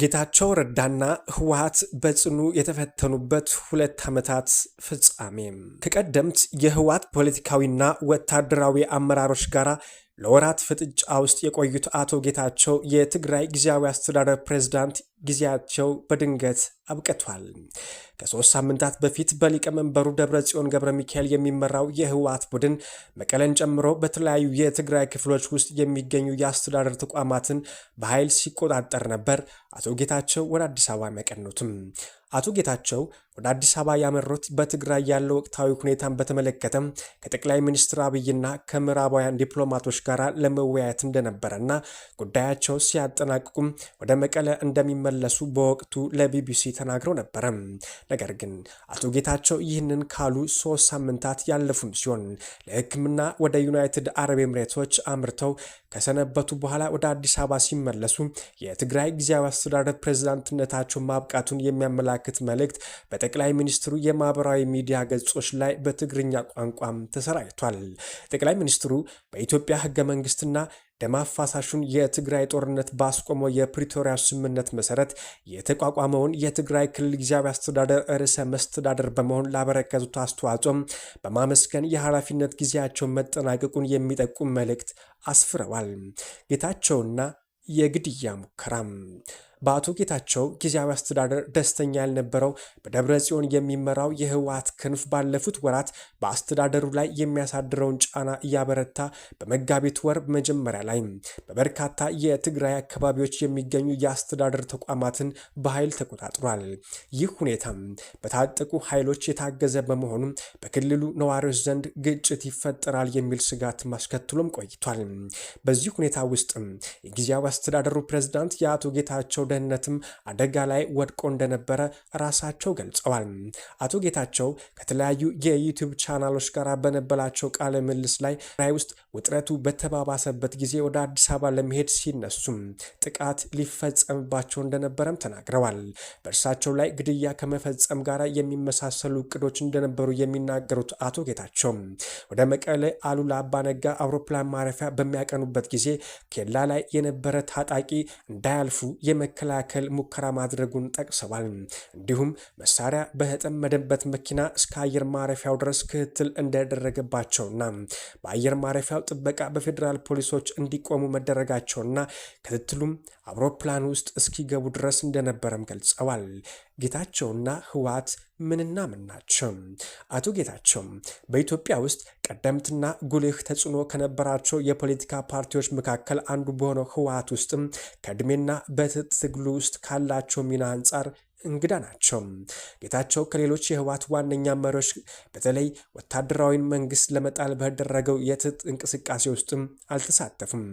ጌታቸው ረዳና ህወሀት በጽኑ የተፈተኑበት ሁለት ዓመታት ፍጻሜ። ከቀደምት የህወሀት ፖለቲካዊና ወታደራዊ አመራሮች ጋር ለወራት ፍጥጫ ውስጥ የቆዩት አቶ ጌታቸው የትግራይ ጊዜያዊ አስተዳደር ፕሬዝዳንት ጊዜያቸው በድንገት አብቅቷል። ከሶስት ሳምንታት በፊት በሊቀመንበሩ ደብረ ጽዮን ገብረ ሚካኤል የሚመራው የህወሀት ቡድን መቀለን ጨምሮ በተለያዩ የትግራይ ክፍሎች ውስጥ የሚገኙ የአስተዳደር ተቋማትን በኃይል ሲቆጣጠር ነበር። አቶ ጌታቸው ወደ አዲስ አበባ አይመቀኑትም። አቶ ጌታቸው ወደ አዲስ አበባ ያመሩት በትግራይ ያለው ወቅታዊ ሁኔታን በተመለከተም ከጠቅላይ ሚኒስትር አብይና ከምዕራባውያን ዲፕሎማቶች ጋር ለመወያየት እንደነበረና ጉዳያቸው ሲያጠናቅቁም ወደ መቀለ እንደሚመለሱ በወቅቱ ለቢቢሲ ተናግረው ነበረ። ነገር ግን አቶ ጌታቸው ይህንን ካሉ ሶስት ሳምንታት ያለፉም ሲሆን ለሕክምና ወደ ዩናይትድ አረብ ኤምሬቶች አምርተው ከሰነበቱ በኋላ ወደ አዲስ አበባ ሲመለሱ የትግራይ ጊዜያዊ አስተዳደር ፕሬዝዳንትነታቸውን ማብቃቱን የሚያመላክት መልእክት በጠቅላይ ሚኒስትሩ የማህበራዊ ሚዲያ ገጾች ላይ በትግርኛ ቋንቋም ተሰራጭቷል። ጠቅላይ ሚኒስትሩ በኢትዮጵያ ህገ መንግስትና ደም አፋሳሹን የትግራይ ጦርነት ባስቆመው የፕሪቶሪያ ስምምነት መሰረት የተቋቋመውን የትግራይ ክልል ጊዜያዊ አስተዳደር ርዕሰ መስተዳደር በመሆን ላበረከቱት አስተዋጽኦም በማመስገን የኃላፊነት ጊዜያቸውን መጠናቀቁን የሚጠቁም መልእክት አስፍረዋል። ጌታቸውና የግድያ ሙከራም በአቶ ጌታቸው ጊዜያዊ አስተዳደር ደስተኛ ያልነበረው በደብረ ጽዮን የሚመራው የህወሀት ክንፍ ባለፉት ወራት በአስተዳደሩ ላይ የሚያሳድረውን ጫና እያበረታ በመጋቢት ወር መጀመሪያ ላይ በበርካታ የትግራይ አካባቢዎች የሚገኙ የአስተዳደር ተቋማትን በኃይል ተቆጣጥሯል። ይህ ሁኔታ በታጠቁ ኃይሎች የታገዘ በመሆኑ በክልሉ ነዋሪዎች ዘንድ ግጭት ይፈጠራል የሚል ስጋት ማስከትሎም ቆይቷል። በዚህ ሁኔታ ውስጥ የጊዜያዊ አስተዳደሩ ፕሬዝዳንት የአቶ ጌታቸው ደህንነትም አደጋ ላይ ወድቆ እንደነበረ ራሳቸው ገልጸዋል። አቶ ጌታቸው ከተለያዩ የዩቲዩብ ቻናሎች ጋር በነበላቸው ቃለ ምልስ ላይ ራይ ውስጥ ውጥረቱ በተባባሰበት ጊዜ ወደ አዲስ አበባ ለመሄድ ሲነሱም ጥቃት ሊፈጸምባቸው እንደነበረም ተናግረዋል። በእርሳቸው ላይ ግድያ ከመፈጸም ጋር የሚመሳሰሉ እቅዶች እንደነበሩ የሚናገሩት አቶ ጌታቸው ወደ መቀለ አሉላ አባነጋ አውሮፕላን ማረፊያ በሚያቀኑበት ጊዜ ኬላ ላይ የነበረ ታጣቂ እንዳያልፉ የመከ ለመከላከል ሙከራ ማድረጉን ጠቅሰዋል። እንዲሁም መሳሪያ በተጠመደበት መኪና እስከ አየር ማረፊያው ድረስ ክትትል እንደደረገባቸውና በአየር ማረፊያው ጥበቃ በፌዴራል ፖሊሶች እንዲቆሙ መደረጋቸውና ክትትሉም አውሮፕላን ውስጥ እስኪገቡ ድረስ እንደነበረም ገልጸዋል። ጌታቸውና ህወሓት ምንና ምን ናቸው? አቶ ጌታቸው በኢትዮጵያ ውስጥ ቀደምትና ጉልህ ተጽዕኖ ከነበራቸው የፖለቲካ ፓርቲዎች መካከል አንዱ በሆነው ህወሓት ውስጥም ከእድሜና ትግሉ ውስጥ ካላቸው ሚና አንጻር እንግዳ ናቸው። ጌታቸው ከሌሎች የህወሓት ዋነኛ መሪዎች በተለይ ወታደራዊን መንግስት ለመጣል በተደረገው የትጥቅ እንቅስቃሴ ውስጥም አልተሳተፉም።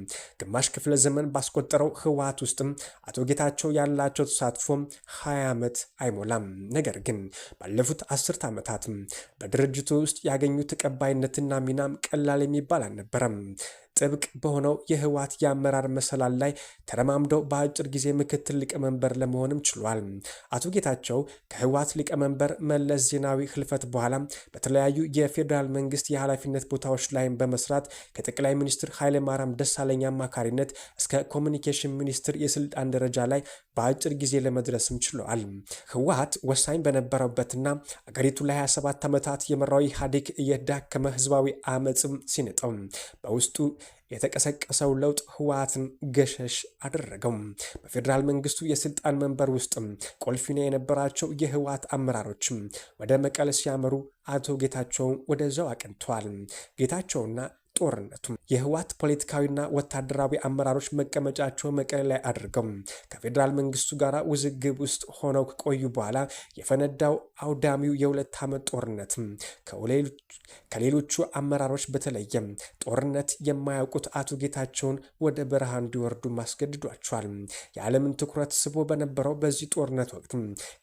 ግማሽ ክፍለ ዘመን ባስቆጠረው ህወሓት ውስጥም አቶ ጌታቸው ያላቸው ተሳትፎም 20 ዓመት አይሞላም። ነገር ግን ባለፉት አስርት ዓመታትም በድርጅቱ ውስጥ ያገኙ ተቀባይነትና ሚናም ቀላል የሚባል አልነበረም። ጥብቅ በሆነው የህወሓት የአመራር መሰላል ላይ ተረማምደው በአጭር ጊዜ ምክትል ሊቀመንበር ለመሆንም ችሏል። አቶ ጌታቸው ከህወሓት ሊቀመንበር መለስ ዜናዊ ህልፈት በኋላ በተለያዩ የፌዴራል መንግስት የኃላፊነት ቦታዎች ላይም በመስራት ከጠቅላይ ሚኒስትር ኃይለማርያም ደሳለኝ አማካሪነት እስከ ኮሚኒኬሽን ሚኒስትር የስልጣን ደረጃ ላይ በአጭር ጊዜ ለመድረስም ችለዋል። ህወሓት ወሳኝ በነበረበትና አገሪቱ ለ27 ዓመታት የመራው ኢህአዴግ እየዳከመ ህዝባዊ አመፅም ሲንጠው በውስጡ የተቀሰቀሰው ለውጥ ህወሓትን ገሸሽ አደረገው። በፌዴራል መንግስቱ የስልጣን መንበር ውስጥም ቁልፍ ሚና የነበራቸው የህወሓት አመራሮችም ወደ መቀለ ሲያመሩ አቶ ጌታቸው ወደዛው አቅንተዋል። ጌታቸውና ጦርነቱ የህወሓት ፖለቲካዊና ወታደራዊ አመራሮች መቀመጫቸው መቀሌ ላይ አድርገው ከፌዴራል መንግስቱ ጋር ውዝግብ ውስጥ ሆነው ከቆዩ በኋላ የፈነዳው አውዳሚው የሁለት ዓመት ጦርነት ከሌሎቹ አመራሮች በተለየ ጦርነት የማያውቁት አቶ ጌታቸውን ወደ በረሃ እንዲወርዱ ማስገድዷቸዋል። የዓለምን ትኩረት ስቦ በነበረው በዚህ ጦርነት ወቅት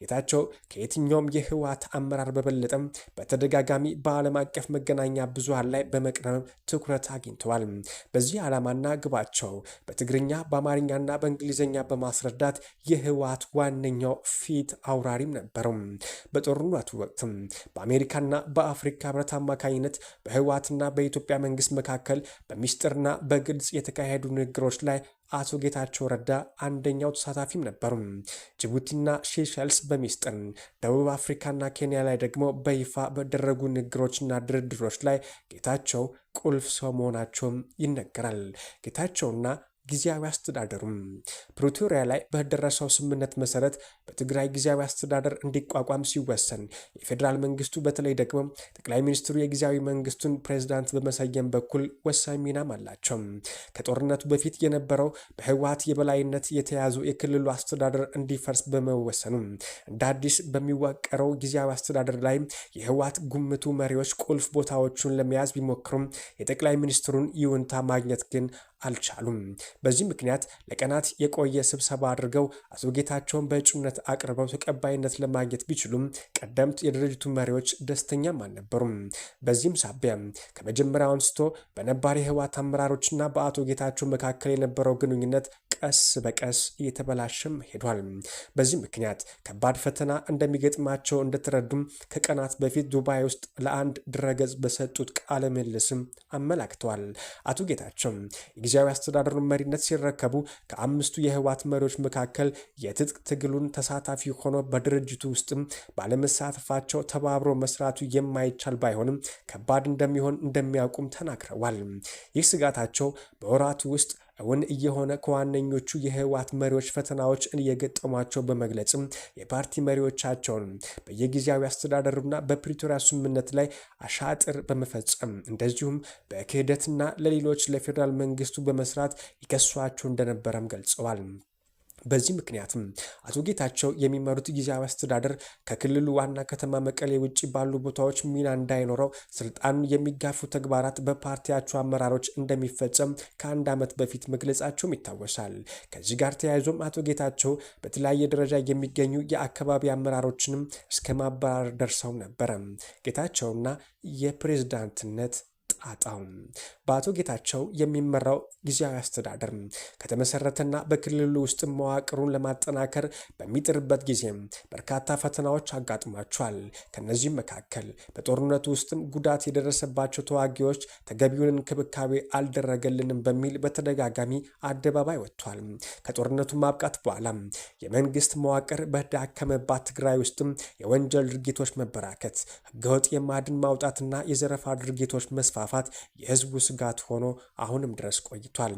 ጌታቸው ከየትኛውም የህወሓት አመራር በበለጠ በተደጋጋሚ በዓለም አቀፍ መገናኛ ብዙሃን ላይ በመቅረብ ትኩረት አግኝተዋል። በዚህ ዓላማና ግባቸው በትግርኛ በአማርኛና በእንግሊዝኛ በማስረዳት የህወሓት ዋነኛው ፊት አውራሪም ነበሩ። በጦርነቱ ወቅትም በአሜሪካና በአፍሪካ ህብረት አማካኝነት በህወሓትና በኢትዮጵያ መንግስት መካከል በሚስጥርና በግልጽ የተካሄዱ ንግግሮች ላይ አቶ ጌታቸው ረዳ አንደኛው ተሳታፊም ነበሩ። ጅቡቲና ሼሸልስ በሚስጥር ደቡብ አፍሪካና ኬንያ ላይ ደግሞ በይፋ በደረጉ ንግግሮችና ድርድሮች ላይ ጌታቸው ቁልፍ ሰው መሆናቸውም ይነገራል። ጌታቸውና ጊዜያዊ አስተዳደሩም ፕሪቶሪያ ላይ በደረሰው ስምምነት መሰረት በትግራይ ጊዜያዊ አስተዳደር እንዲቋቋም ሲወሰን የፌዴራል መንግስቱ በተለይ ደግሞ ጠቅላይ ሚኒስትሩ የጊዜያዊ መንግስቱን ፕሬዚዳንት በመሰየም በኩል ወሳኝ ሚናም አላቸው። ከጦርነቱ በፊት የነበረው በህወሀት የበላይነት የተያዙ የክልሉ አስተዳደር እንዲፈርስ በመወሰኑ እንደ አዲስ በሚዋቀረው ጊዜያዊ አስተዳደር ላይ የህወሀት ጉምቱ መሪዎች ቁልፍ ቦታዎቹን ለመያዝ ቢሞክሩም የጠቅላይ ሚኒስትሩን ይሁንታ ማግኘት ግን አልቻሉም። በዚህ ምክንያት ለቀናት የቆየ ስብሰባ አድርገው አቶ ጌታቸውን በእጩነት ምክንያት አቅርበው ተቀባይነት ለማግኘት ቢችሉም ቀደምት የድርጅቱ መሪዎች ደስተኛም አልነበሩም። በዚህም ሳቢያ ከመጀመሪያው አንስቶ በነባር የህወሓት አመራሮችና በአቶ ጌታቸው መካከል የነበረው ግንኙነት ቀስ በቀስ እየተበላሸም ሄዷል። በዚህ ምክንያት ከባድ ፈተና እንደሚገጥማቸው እንደተረዱም ከቀናት በፊት ዱባይ ውስጥ ለአንድ ድረገጽ በሰጡት ቃለ ምልልስም አመላክተዋል። አቶ ጌታቸው የጊዜያዊ አስተዳደሩ መሪነት ሲረከቡ ከአምስቱ የህወሓት መሪዎች መካከል የትጥቅ ትግሉን ተሳታፊ ሆኖ በድርጅቱ ውስጥም ባለመሳተፋቸው ተባብሮ መስራቱ የማይቻል ባይሆንም ከባድ እንደሚሆን እንደሚያውቁም ተናግረዋል። ይህ ስጋታቸው በወራቱ ውስጥ እውን እየሆነ ከዋነኞቹ የህወሓት መሪዎች ፈተናዎች እየገጠሟቸው በመግለጽም የፓርቲ መሪዎቻቸውን በየጊዜያዊ አስተዳደሩና በፕሪቶሪያ ስምምነት ላይ አሻጥር በመፈጸም እንደዚሁም በክህደትና ለሌሎች ለፌዴራል መንግስቱ በመስራት ይከሷቸው እንደነበረም ገልጸዋል። በዚህ ምክንያትም አቶ ጌታቸው የሚመሩት ጊዜያዊ አስተዳደር ከክልሉ ዋና ከተማ መቀሌ ውጭ ባሉ ቦታዎች ሚና እንዳይኖረው ስልጣኑን የሚጋፉ ተግባራት በፓርቲያቸው አመራሮች እንደሚፈጸም ከአንድ ዓመት በፊት መግለጻቸውም ይታወሳል። ከዚህ ጋር ተያይዞም አቶ ጌታቸው በተለያየ ደረጃ የሚገኙ የአካባቢ አመራሮችንም እስከ ማባረር ደርሰው ነበረ። ጌታቸውና የፕሬዝዳንትነት አጣው። በአቶ ጌታቸው የሚመራው ጊዜያዊ አስተዳደር ከተመሰረተና በክልሉ ውስጥ መዋቅሩን ለማጠናከር በሚጥርበት ጊዜም በርካታ ፈተናዎች አጋጥሟቸዋል። ከነዚህም መካከል በጦርነቱ ውስጥም ጉዳት የደረሰባቸው ተዋጊዎች ተገቢውን እንክብካቤ አልደረገልንም በሚል በተደጋጋሚ አደባባይ ወጥቷል። ከጦርነቱ ማብቃት በኋላ የመንግስት መዋቅር በዳከመባት ትግራይ ውስጥም የወንጀል ድርጊቶች መበራከት፣ ህገወጥ የማዕድን ማውጣትና የዘረፋ ድርጊቶች መስፋፋት መስፋፋት የህዝቡ ስጋት ሆኖ አሁንም ድረስ ቆይቷል።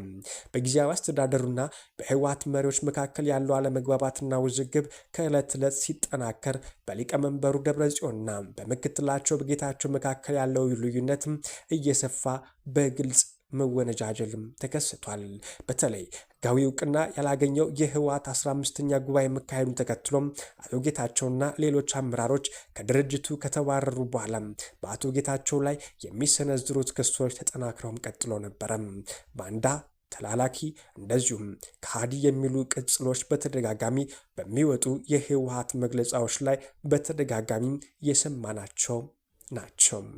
በጊዜያዊ አስተዳደሩና በህወሓት መሪዎች መካከል ያለው አለመግባባትና ውዝግብ ከዕለት ዕለት ሲጠናከር በሊቀመንበሩ ደብረጽዮንና በምክትላቸው በጌታቸው መካከል ያለው ልዩነትም እየሰፋ በግልጽ መወነጃጀልም ተከስቷል። በተለይ ህጋዊ እውቅና ያላገኘው የህወሓት 15 አምስተኛ ጉባኤ መካሄዱን ተከትሎም አቶ ጌታቸውና ሌሎች አመራሮች ከድርጅቱ ከተባረሩ በኋላ በአቶ ጌታቸው ላይ የሚሰነዝሩት ክሶች ተጠናክረውም ቀጥሎ ነበረ። ባንዳ ተላላኪ እንደዚሁም ከሃዲ የሚሉ ቅጽሎች በተደጋጋሚ በሚወጡ የህወሓት መግለጫዎች ላይ በተደጋጋሚ የሰማናቸው ናቸው።